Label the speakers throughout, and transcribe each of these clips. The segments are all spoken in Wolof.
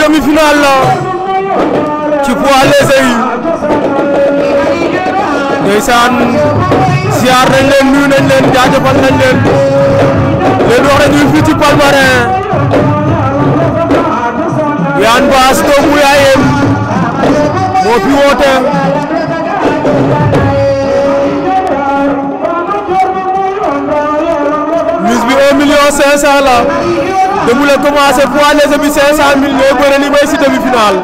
Speaker 1: demi-finale la ci poids léger yi ndeysaan ziar nañ leen nuyu nañ leen jaajëfal leen leen wax nañu Palmarin Yane Basse doomu yaayam moo fi woote mise bi 1 million 500 la dëgg la commencé poids léger bi 500000 ñooy li mooy Siteu bi final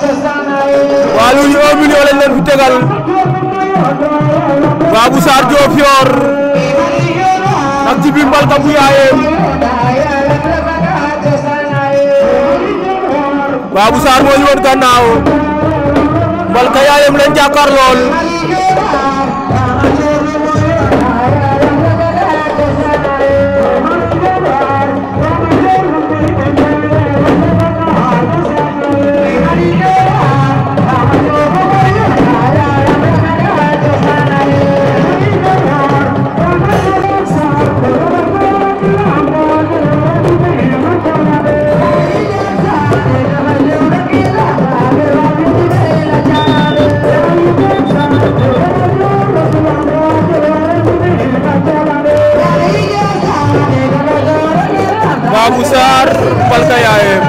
Speaker 1: waa loolu 1 million lañ leen fi tegal Babou Sarr Diop yor ak ci Mbalka bu yaayee Babou Sarr moo ñu woon gannaaw Mbalka yaayam lañ jàkkaar lool. आठ पलटे आए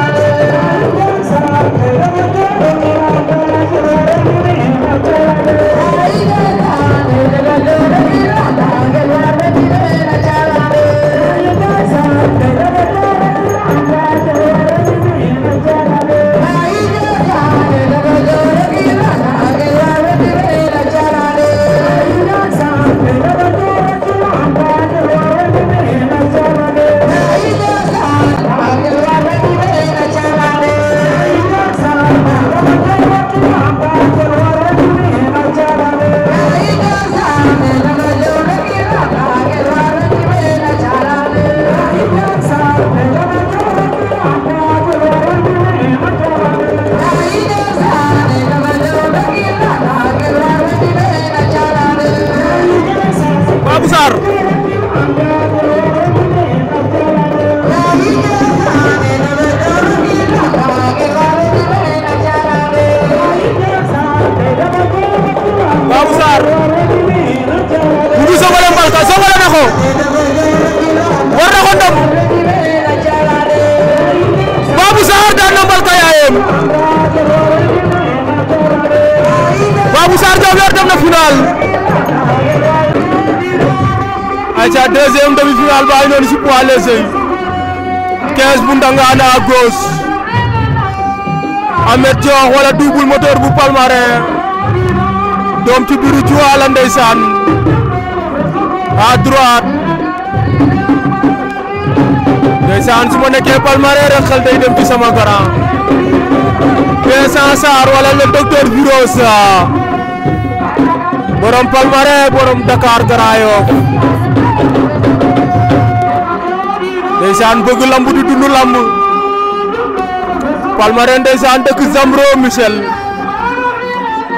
Speaker 1: à l'essai 15 bu Ndangane à gauche Amet Dior wala double moteur bu Palmarin doom ci biiru Diouwa la ndeysaan à droite ndeysaan su ma nekkee Palmarin rek xel day dem ci sama grand Vincent Sarr wala le docteur Viros borom Palmarin borom Dakar Grand Yoff ndeysaan bëgg lamb di dund lamb Palmarin ndeysaan dëkk Zambro Michel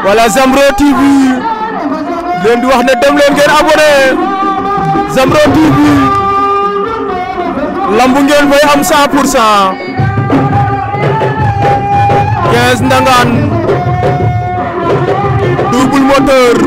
Speaker 1: wala Zambro TV leen di wax ne dem leen ngeen abonné Zambro TV lamb ngeen fay am 100 pour cent 15 ndangaan double moteur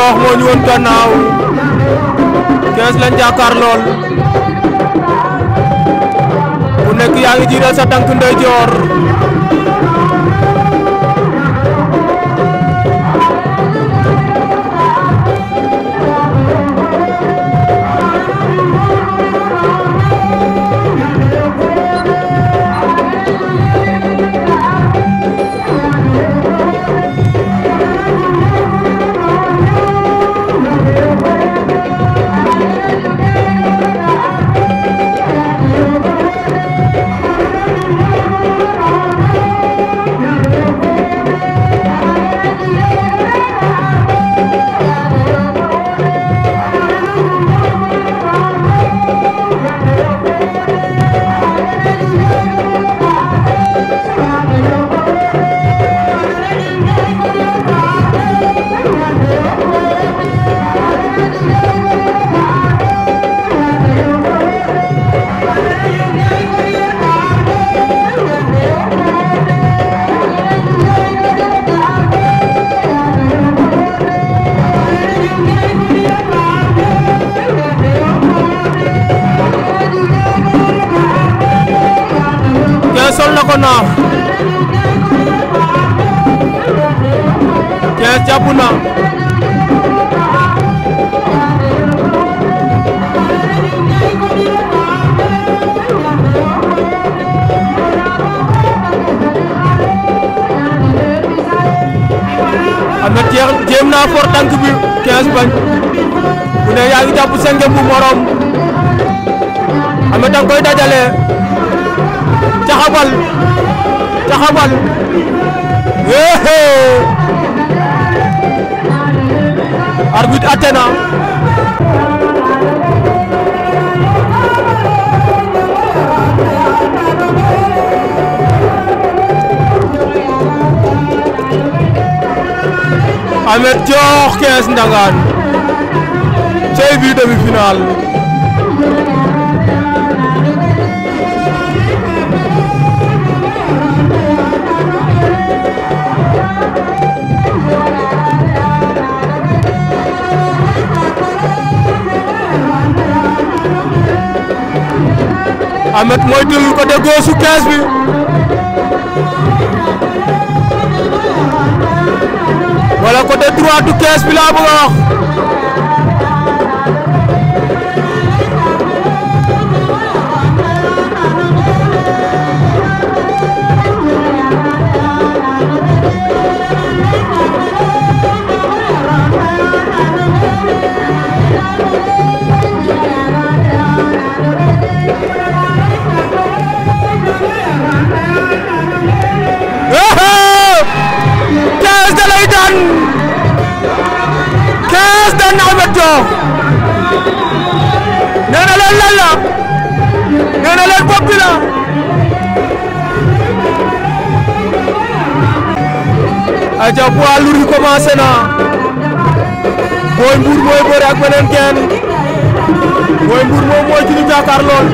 Speaker 1: noox moo ñu ku nekk yaa ngi jiital sa tànk ndeyjoor tànk bi 15 bañ ne yaa ngi jàpp senge bu morom am na danga dajale caxabal caxabal wéé arbitre atena Amet Diokh Kees Ndangaan cey bi demi-finale wala côté droit du kees bi laa bëgg a a poids lourd yi commencé na Boy Mbour mooy bëre ak beneen genn Boy Mbour moom mooy ci ñu jàkkaar lool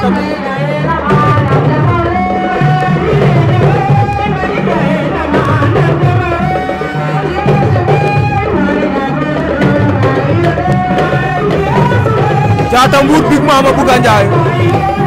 Speaker 1: Thank you. Faata Mbuur Big Mama Bouga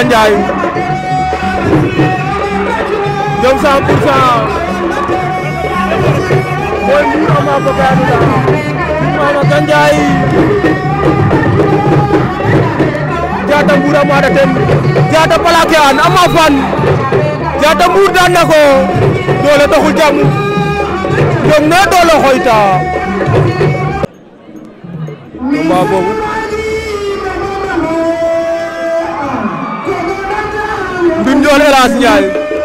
Speaker 1: Demba Jaata Mbour a maada ten Jaata plaqué an Ama Fane Jaata Mbour daan na doole doxul jàmm ñoom ne doole xoyta duñ doon El Hadj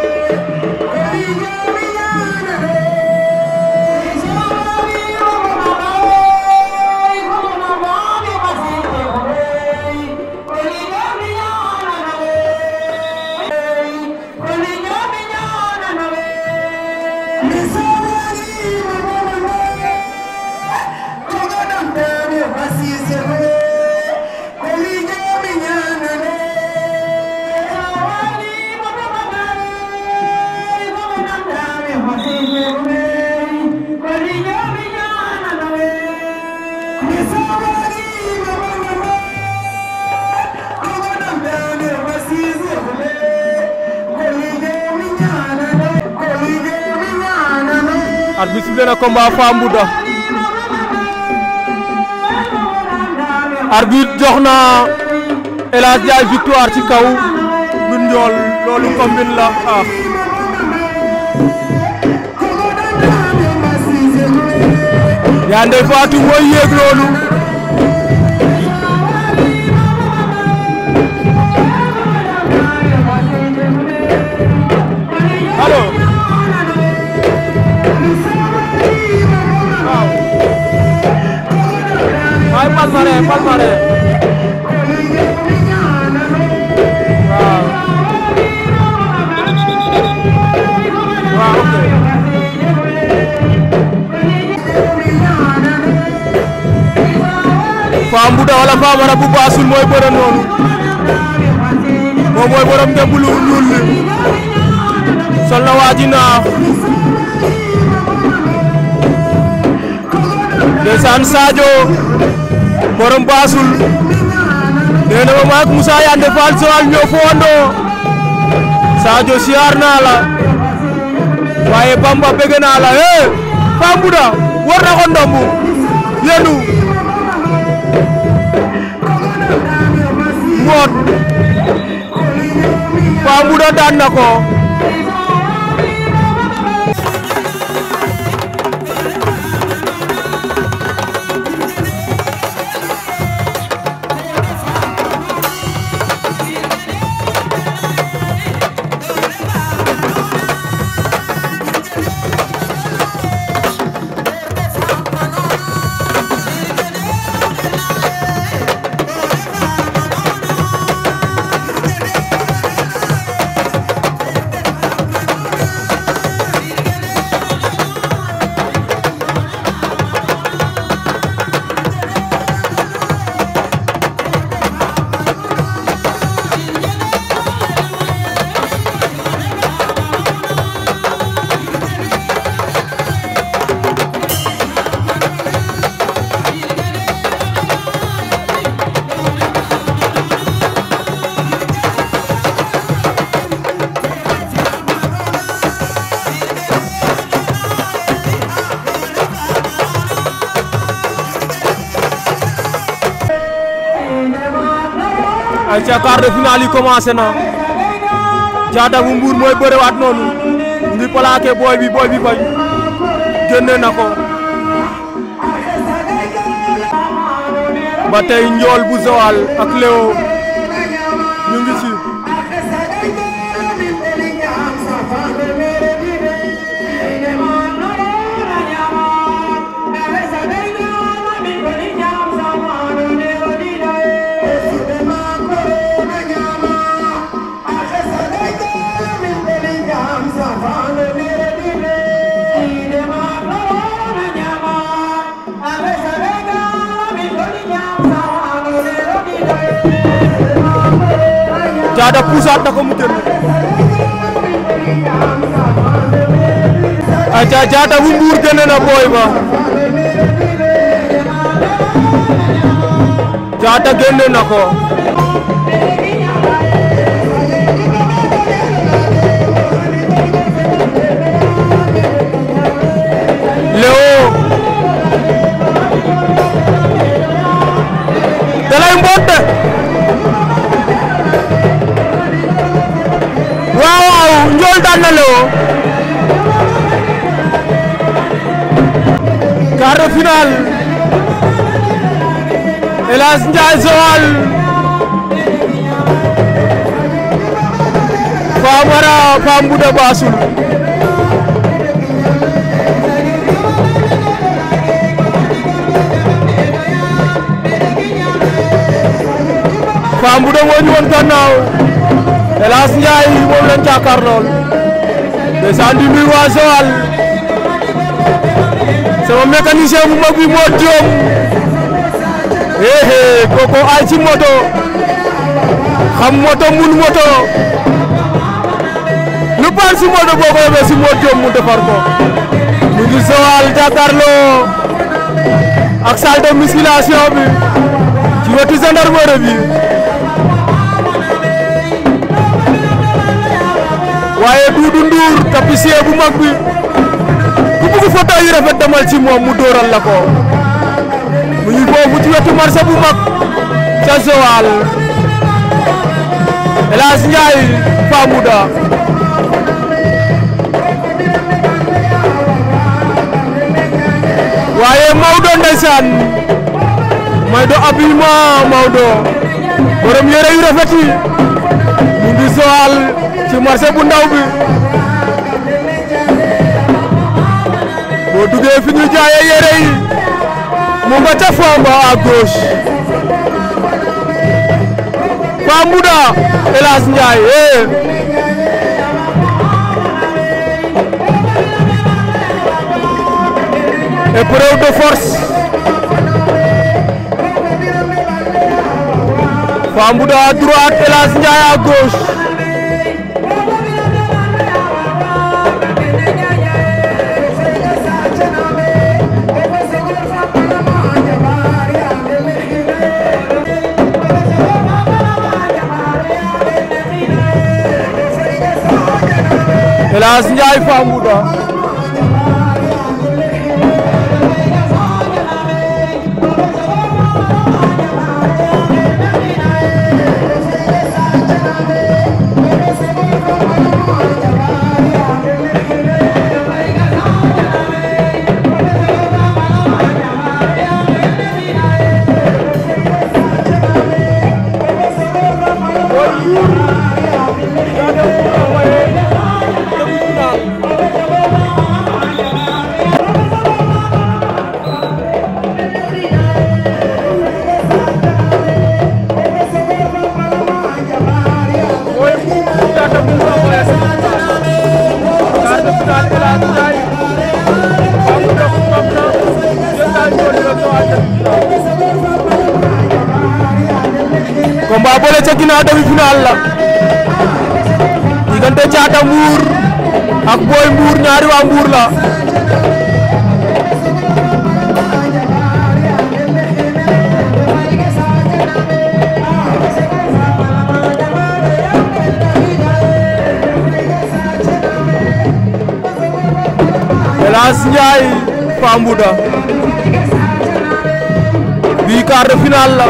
Speaker 1: sifflé na combat Faa Mbouda arbitre jox na El Hadj victoire ci kaw bu njool loolu combine la yaa ndey Fatou yéeg loolu. Palmarin Palmarin waaw waaw ok bu baasul mooy bëre noonu moom mooy borom démb lu ñuul li sol na waa ji naax ndeysaan borom baasul nee ma maak Moussa Yande Fall Joal ñoo foondoo Sadio siyaar naa la waaye Bamba bëgg naa la hee Fambuda war na ko ndombu yenu ngoot ca quart de finale commencé na Jaata bu Mbuur mooy bërewaat noonu mu ngi booy bi booy bi bañ génne na ko ba njool bu Joal ak Léo laat na ko mu jël. aca bu Mbuur génne na booy ba. Caata génne na ko. na Lewo. quart de finale. El Hadj Ndiaye Joal. Famara Fam bu da Bassoul. Fam bu da moo ñu woon gannaaw El Hadj Ndiaye moom lañ jàkkaar lool ndeysaan di waa Joal sama mécanicien bu mag bi moo Diom eh kooku ay ci moto xam moto mun moto lu baax si moto boo ko yóbbee si moo Diom mu defar ko ñu ngi Joal jàkkaarloo ak salle de musculation bi ci wetu gendarmerie bi. waaye Duudu Nduur tapissier bu mag bi bu bëgg yu rafet demal ci moom mu dóoral la mu ngi foofu ci wetu marché bu mag ca Joal El Hadj Ndiaye Famouda waaye Maodo ndeysaan Maodo habillement Maodo borom yére yu rafet mu ngi Joal ci marché bu ndaw bi boo duggee fi ñu jaayee mu nga ca Famba à gauche Fambouda Elas Ndiaye eh épreuve de force Fambouda à droite Elas Ndiaye à gauche. Elhadj Ndiaye Fambouda ginnaaw demi-finale la diggante Caaka la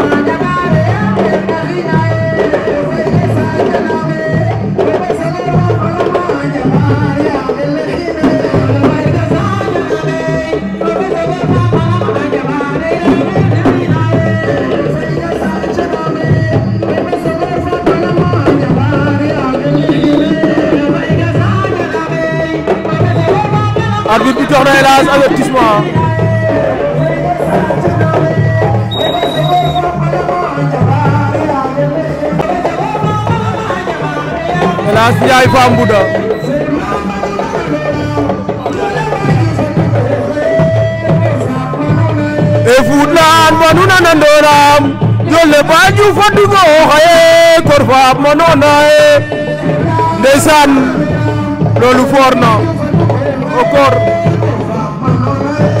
Speaker 1: arbitre bi jox na El Hadj avertissement El Hadj Ndiaye Fa Mbouda e fuɗɗan ma a nandoram jolle baju faddugo xaye kor faab ma nona e ndeysaan loolu foor au bubur,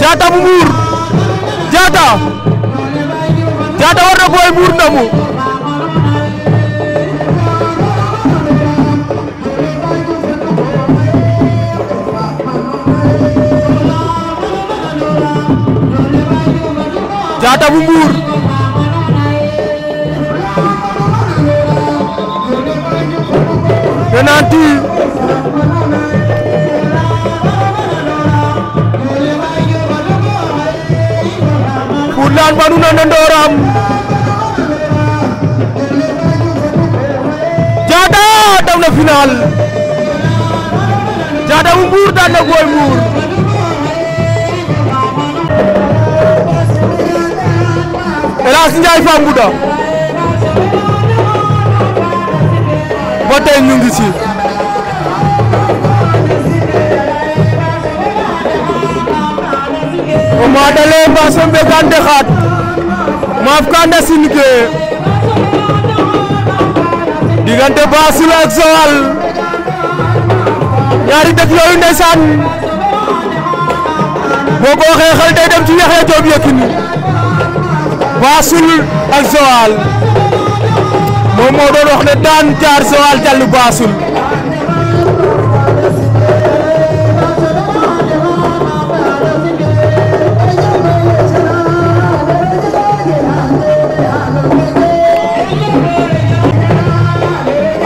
Speaker 1: Diatta jata Mbour Diatta Diatta war na bubur, Mbour lan banu na ndoram Diatta daw na final Diatta bu Mbour daan na Boy Mbour El Hadj Ndiaye Fambuda ba tey ñu ngi tembe gande xaat maaf kande sinike diggante Bassoul ak Joal ñaari dëkk yooyu ndeysaan boo ko waxee xel day dem ci Yaxya Joob Yékini Bassoul ak Joal moom moo doon wax ne daan jaar Joal jàll Bassoul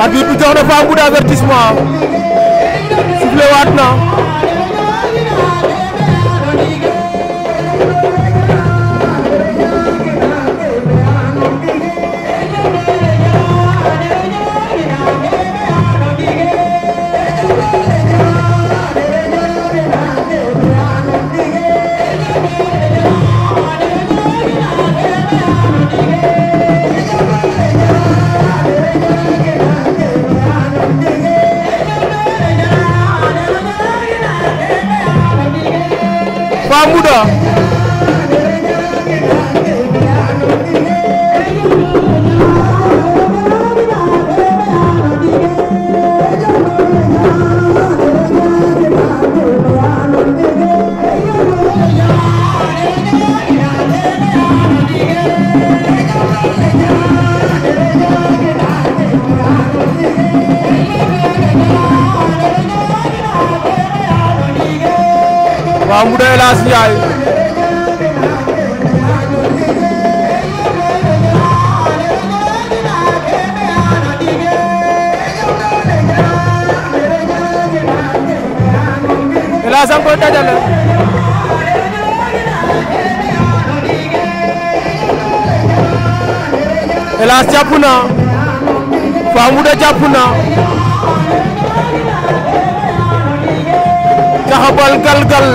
Speaker 1: arbitre bi jox na Fambou d'avertissement sifflé waat na Maas Njaay Elhadj angi koy dajale Elhadj jàpp na Famouda jàpp na caxabal galgal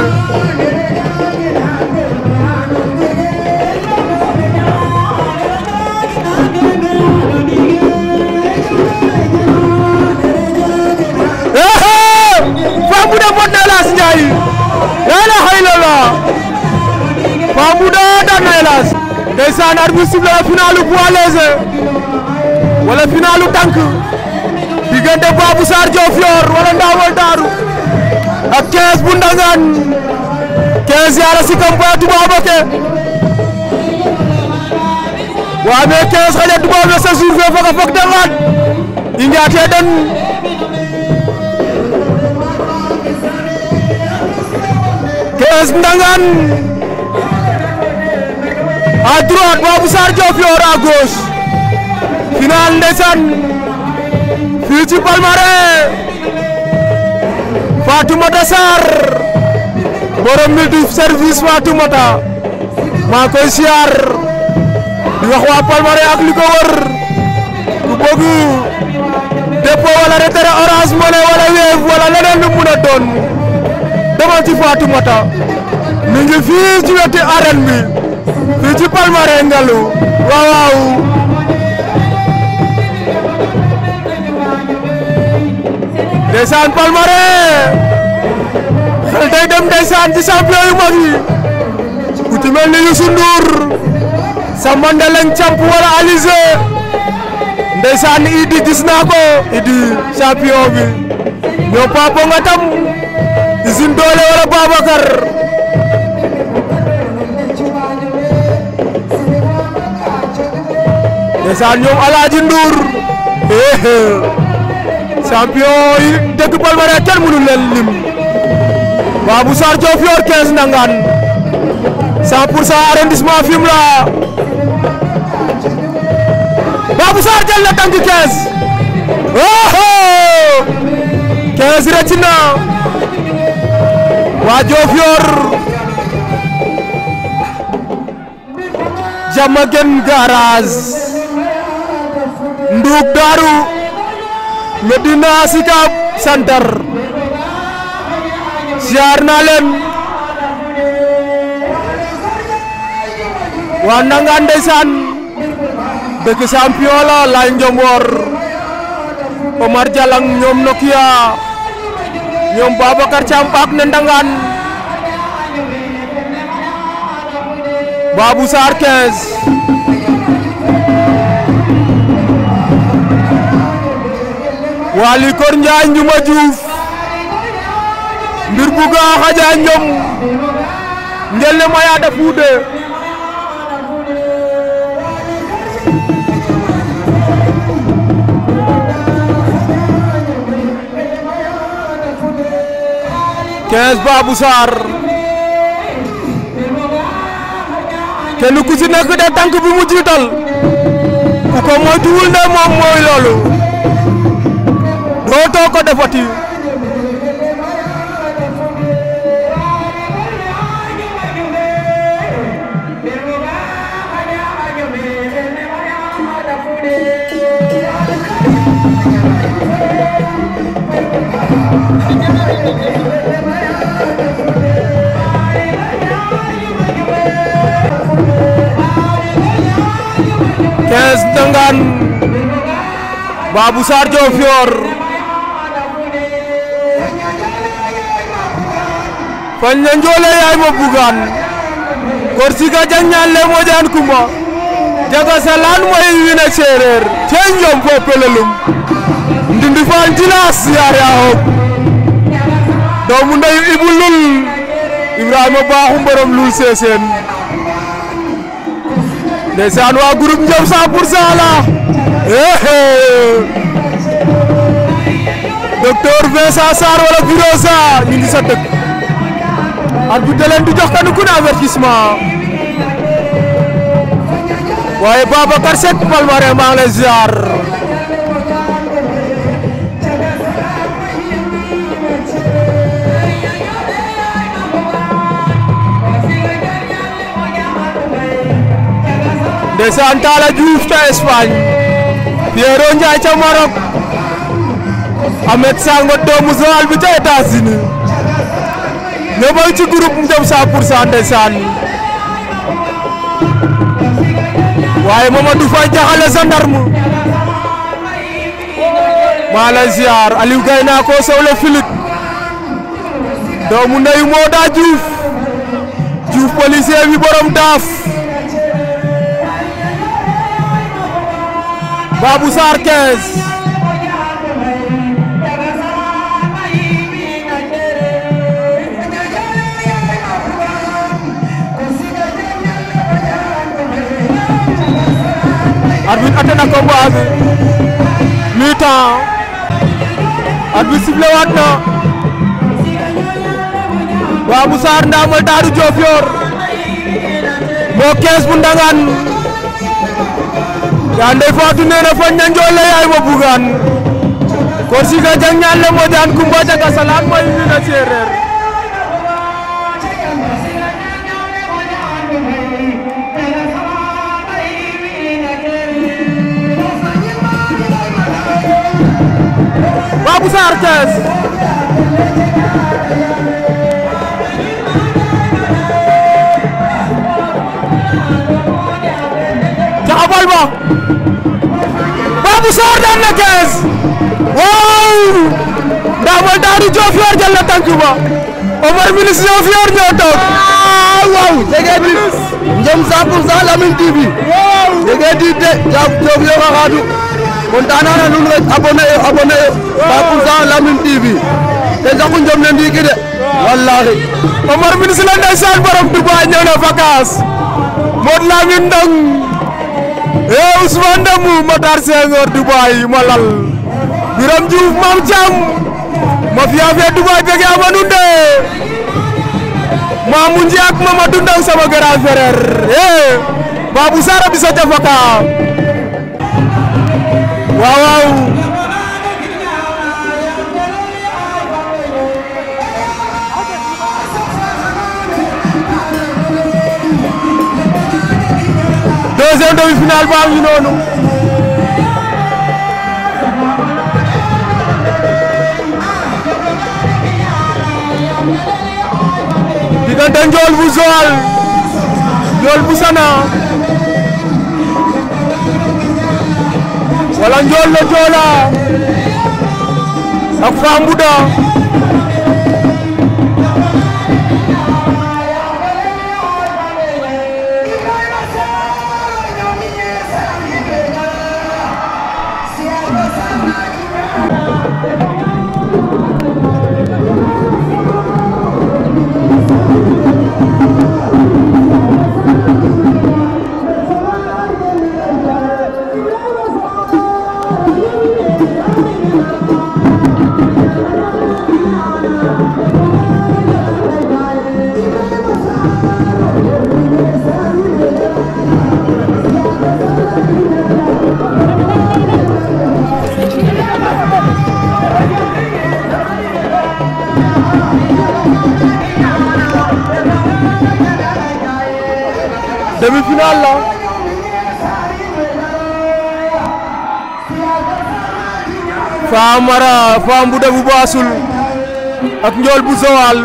Speaker 1: Fambouda daan na Elhadj ndeysaan arbitre sifflé na finalu poids léger wala finalu tànk diggante Babou Sarr Diofior wala Ndamal Daaru ak 15 bu Ndangaan 15 yaara si Kampa Toubabake waaw mais 15 xale Toubabake sa jour fee foog a i njaatee den kees ndangaan à droite Babou Sarr Diofior à gauche final ndeysaan fii ci Palmarin Fatoumata Sarr borom mi du service Fatoumata maa koy siyaar di wax waa Palmarin ak li wër ku bëgg dépôt wala retrait Orange Money wala Wave wala leneen lu mun a doon ci Fatoumata mi ngi fii ci wetu arène bi. principal ci Palmarin wow Desa waaw ndeysaan dem Desa ci champion yu mag yi ku ci mel ni Desa Ndour sa Mandelañ camp Idi gis Idi bi ñoo tam usine wala Babacar ndeysaan ñoom Alaaji Ndour champion yi dëkk Palmarin kenn mënu leen lim Babou Sarr Diofior 15 Ndangaan 100 pour 100 arrondissement Fimela Babou Sarr jël na tànk 15 oh 15 rëcc na waa Diofior Diamaguène garage Ndouck Darou Medina sikap center siar Wanangandesan, leen waa nanga ndeysaan dëkk champion la Jalang Nokia Nyom babakar Thiam ak Babu ndangaan Waly Kor Ndiaye Ndiouma Diouf mbir bu gaa xaja ñom njel ne maya da fuude quinze Babou Sarr kenn ku ci nekk de tànk bi mu jiital ku ko moytuwul ne moom mooy dootoo ko defati Kes dengan Babu Sarjo Fior koñ na njoole yaay ma bugaan korsika jaññaan le mojaan kuma jaga salaan moy wina seereer cey njom fo pelelum ndindi faan jilaas yaar yaa hoog doomu ndeyu ibu lul ibrahima baaxu mborom lul seeseen ndeysaan waa groupe Ndiop 100 pour cent la docteur Vincent Sarr wala Biro Sarr ñu ngi sa dëkk arbitre da leen di jox kenn ku ne avertissement waye Babacar Seck palmaré maa ngi lay ziar ndeysaan Talla Diouf ta Espagne Pierrot Ndiaye ta Maroc Ahmed Sango doomu Joal bi ta etats unis ñoo ci groupe mu dem 100 pour cent ndeysaan waaye Mamadou Faye jaxale gendarme maa lay ziar Aliou Gaye naa ko sow la Philippe doomu ndeyu moo daa Diouf Diouf policier bi borom daaf Babou Sarr 15 arbitre atte na combat bi mi-temps arbitre sifflé waat na waa bu saar ndaamal daaru Diofior moo kees bu ndangaan yaa ndey faatu nee na na njool la yaay ma bugaan Korsika jang ñaan le moo daan kumba jaga salaan mooy mi na séeréer Saar Thiès taxawal ba Babou Sarr daan na Thiès waaw Ndamal Daadu Diofior jël na tànk ba Omar Milis Diofior ñoo toog waaw jege bi njëm 100 pour cent Lamine TV jege di de Diofior a xaatu kontaanaa nun rek abonné yo abonné yo ba pour ça Lamine TV te saxu njom ne ndiiki de wallahi Omar ministre la ndeysaan borom Dubaay ñëw na vacances Modou Lamine Ndong e Ousmane Ndamou Matar Senghor Dubaay ma lal Biram Diouf Mame Thiam mafia fe Dubaay bege ama nun de Mamou Ndiaye ak sama grand frère e Babou Sara bisa jafaka waaw waaw deuxième demi-finale baa ngi noonu diggante bu Joal Ndiol bu Sana wala Ndiol la Joola ak Fambuda final la Fam Mara Fam bu Debout bu ak Ndiol bu Joal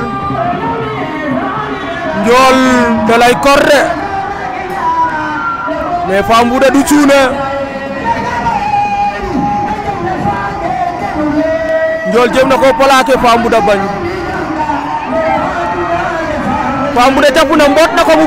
Speaker 1: Ndiol dalay kor de mais bu Debout du cuune Ndiol na ko plaqué Fam bu Debout bañ Fam bu Debout jàpp na na ko mu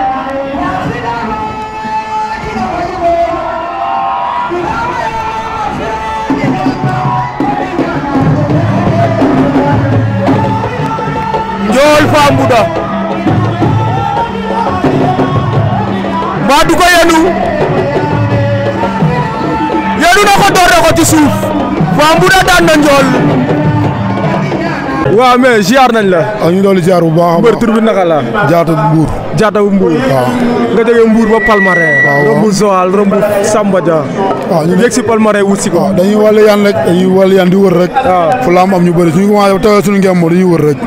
Speaker 1: Alpha Mbouda mbaa du ko yenu yenu na ko door na ko ci suuf Fa daan na njool
Speaker 2: waaw mais ziar nañ la. ak ah, ñu doon ziar bu baax a baax mbër jaata buur jaata bu Mbour. nga jógee Mbour ba Palmarin. waaw waaw romb Joal romb Samba Dia. waaw ñu yegg si Palmarin wut si ko. waaw dañuy wàllu yan rek dañuy wàllu yan di wër rek. waaw fu la am am ñu bëri suñu tawee suñu ngeen moom wër rek.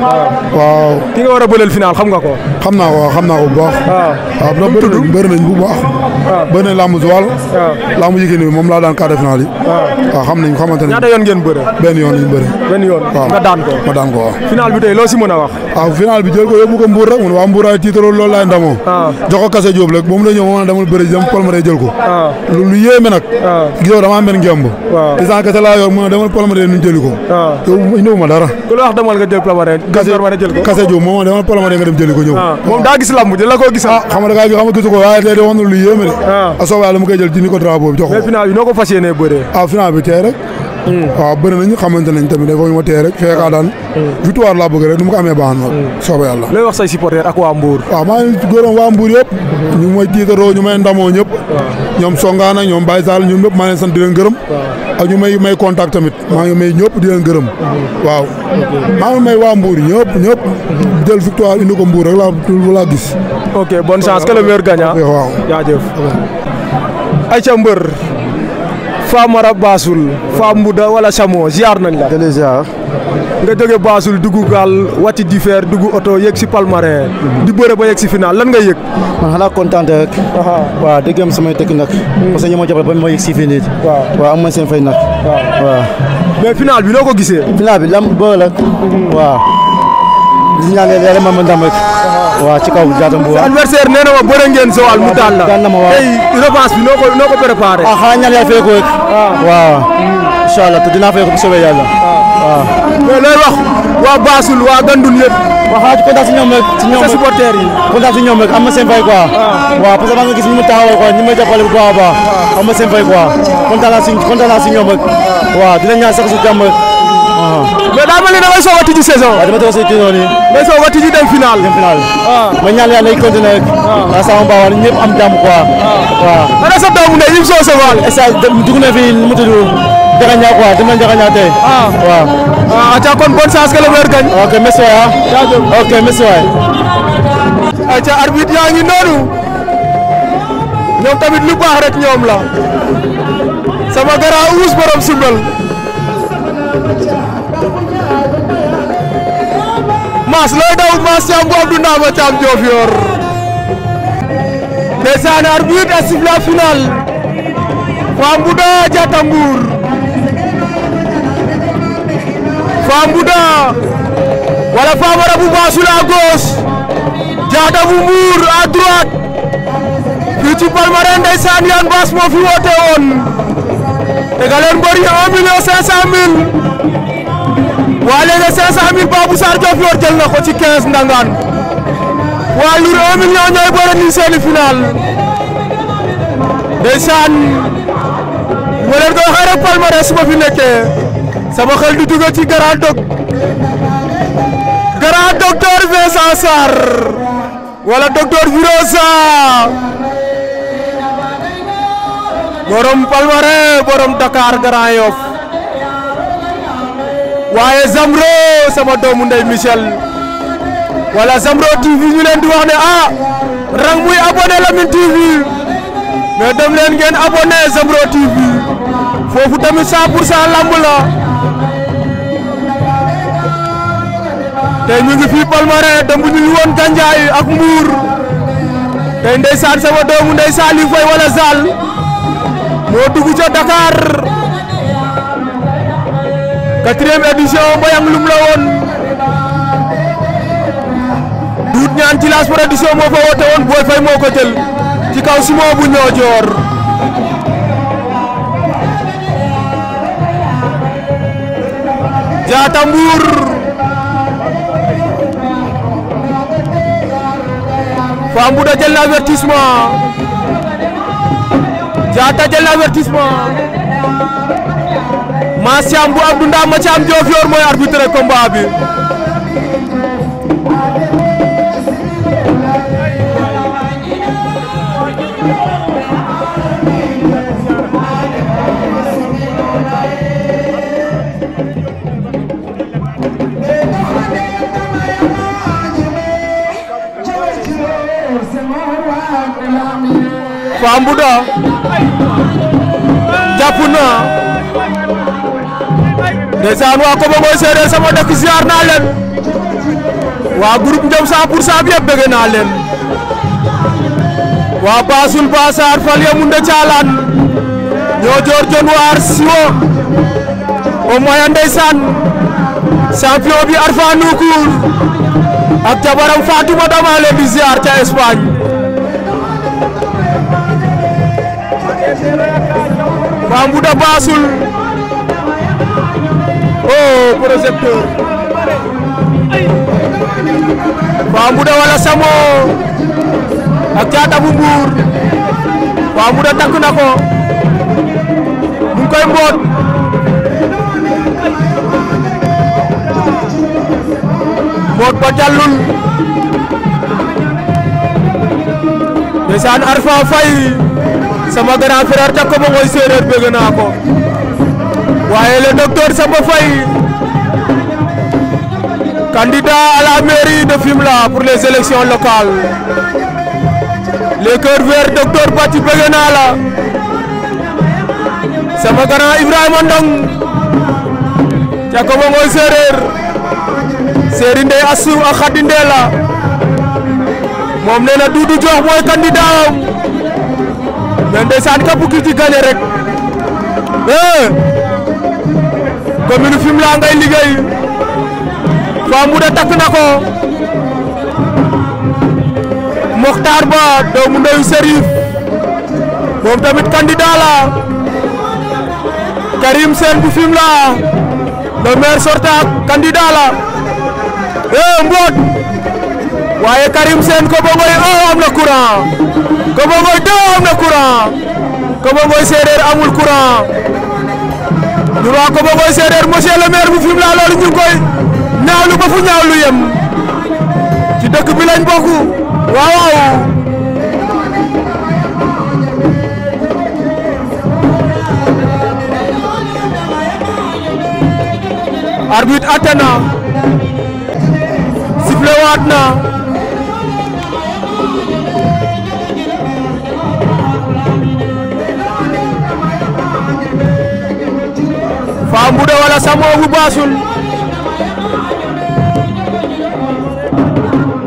Speaker 2: waaw ki nga war a bëreel final nga ko. xam naa ko xam naa ko bu baax. waaw ah. ah, bu mu tudd bëri nañ bu baax. waaw ah. bëri nañ làmb Joal. waaw làmb Yékini bi moom laa daan quart de yi. waaw xam nañ xamante ne. ñaata yoon ngeen bëre. benn yoon lañ bëre. benn yoon waaw nga daan ko. ma daan ko waaw. final bi tey loo si mën a wax. waaw final bi jël ko yóbbu ko Mbour rek mun waa Mbour ay tiitaroo loolu laay ndamoo. jox ko kase Diop rek ba mu la ñëw moom la damay bëri dem palmarès jël ko. lu lu yéeme nag. gisoo damaa mel ngemb. waaw isaan kase laa yor mu ne demal palmarès ñu jëli ko. waaw yow dara. ku la wax demal nga jël kase Diop moom demal nga dem jëli ko ñëw moom daa gis lamb di la ko gisal. ah xam nga da ngaa ko waaye tey de wax na lu yéeme de. waaw ah. a soobee yàlla mu koy jël dindi ko drapeau bi jox ko. noo ko fas yéenee bëree. ah final bi Hmm. waaw bëri na ñu xamante nañ tamit dafa ma tee rek feekaa daan hmm. victoire laa bëgg rek nu mu ko amee baax na hmm. soobee yàlla looy wax say supporter ak waa Mbour waaw maa ngi gërëm waa Mbour yëpp ñu may tiitaroo ñu may ndamoo ñëpp ñoom Songaana ñoom Baye Sall ñoom ñëpp maa ngi sant di leen gërëm ak ñu may may contact tamit maa ngi may ñëpp di leen gërëm waaw maa ngi may waa Mbour ñëpp ñëpp jël victoire indi ko Mbour rek laa laa gis ok bonne chance que le meilleur waaw jaajëf Aïcha Famara Bassoul Fam Mbouda wala Samo ziar nañ la. délai ziar. nga jóge Bassoul dugg gaal wàcc di feer dugg oto yegg si Palmarin. di bëre ba yegg si final lan ngay yëg. man xanaa kontaan rek. waaw dëgg samay tëkk nag. Hmm. parce que ñoo ba ma yegg si fii nii. am na seen fay nag. waaw waaw. mais bi noo ko gisee. final bi lam bëre la. Hmm. waaw. gis ñaan yàlla yàlla mën ndam rek waaw ci kaw jaatam bu waaw adversaire nee na ma bëre ngeen sowal mu daan la daan na ma waaw tey
Speaker 1: revanche bi noo ko noo ko préparé ah xanaa ñaan yàlla fee ko rek waaw incha allah te dinaa fee ko bu soobee yàlla waaw mais looy wax waa Bassoul waa Gandoul yëpp waxaat kontaan si ñoom
Speaker 2: rek si ñoom supporters
Speaker 1: yi mais daa mel ni damay soog a tijji saison. final. final ma ñaan yàlla ay continué rek. waaw sama mbaa ñëpp am jàmm quoi. waaw ah. ah. ana sa doomu ne Ibou Socé Fall. est-ce que dugg na fi nu mu tudd Ndiakhate quoi dem na Ndiakhate tey. waaw. ah atia ah, kon bonne chance que le sama gara uus borom simbal. maas looy daw maas caam bu Abdou Ndama caam Diofior ndeysaan arbitre a sifflé final Fambouda Diatta Mbour Fambouda wala Famara bu Bassoul à gauche Diatta bu Mbour à droite fii ci Palmarin ndeysaan Yane Basse moo fi woote woon daga leen mbër yi 1 million 500 mille waa léegi 500 mille Babou Sarr Diofior jël na ko ci 15 ndangaan waa Lour 1 million ñooy bëre ni seeni final ndeysaan ma leen koy xare palmarès fi nekkee sama xel du dugg ci grand doc grand docteur Vincent Sarr wala docteur Virosa borom Palmarin borom Dakar Grand Yoff waaye Zambro sama doomu ndey Michel wala Zambro TV ñu leen di wax ne ah rang muy abonné Lamyn TV mais dem leen ngeen abonné Zambro TV foofu tamit 100 pour lamb la tey ñu ngi fii Palmarin dem ñu ngi woon ak Mbour tey ndeysaan sama doomu ndey Saliou Faye wala Zal. Motu dugg Dakar quatrième édition Mbayang Loum la woon duut ñaan ci laas production moo fa woote woon Boy Faye moo ko jël ci kaw simo bu ñoo joor Jaata Mbuur avertissement Diatta jël na avertissement Mass Thiam bu Abdou Ndaa Mathiam Diofior mooy arbitre combat bi Pape Mbouda jàpp na ndeysaan waa Kobo Ngoy Séeréer sama dëkk ziar naa leen waa groupe Ndiom 100 pour 100 naa leen waa Baasul Baasaar Falya Munda Caalaan ñoo joor jon waar siwo o moya ndeysaan champion bi Arfa ak jabaram Fatou Madama leen di ziar ca Espagne Bambuda da Basul, oh projecteur Bambuda da wala Samo ak bumbur Bambuda takunako Bambou da Mbot buka ko bot koy mboot desaan Arfa Fai. sama grand frère Takko ma ngoy séeréer bëgg naa ko waaye le docteur Samba Faye candidat à la mairie de Fimela pour les élections locales les cœurs verts docteur Bati bëgg naa la sama grand Ibrahima Ndong Takko ma ngoy séeréer séeri ndey asu ak xadi ndee la moom nee na Doudou mooy candidat am mais ndeysaan képp ku ci gagné rek eh commune Fimela ngay liggéey Famouda takk na ko Mokhtar Ba doomu ndeyu Serif moom tamit candidat la Karim Sen bu Fimela le maire sortant candidat la eh Mbodj waaye Karim Sène ko bongoy oh am na courant Kobo Mboye deux am na courant Kobo Mboye séeréer amul courant droit Kobo Mboye séeréer monsieur le maire bu Fimela loolu ñu ngi koy ba fu ñaawlu yem ci dëkk bi lañ bokk waaw waaw arbitre atte na sifflé waat na Yaya Samo bu Bassoul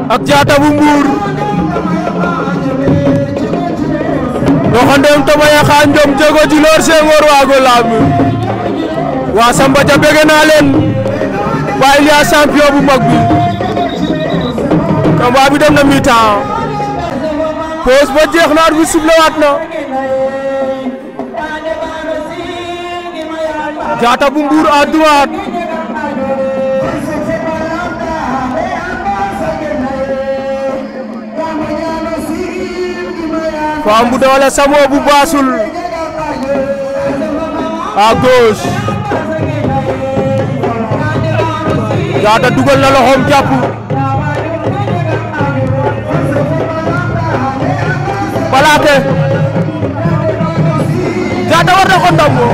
Speaker 1: ak Diatta bu Mbour doxandeem Toubaya xa Njom Jéego Djilor Senghor waago laam waa Samba Dia bëgg naa leen waa bu mag bi combat bi dem na mi-temps ba jeex na arbitre bi waat na Jatah bumbur aduan. Kamu dawala semua Abu Basul Agus Jatah dugal lalu home japu Balake Jatah warna kondamu Jata warna kondamu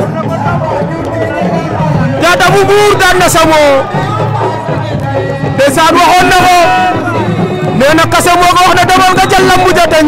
Speaker 1: bu buur daan na samoo ndeysaan waxoon na ko nee na kase moo na demal nga jël lambu ja te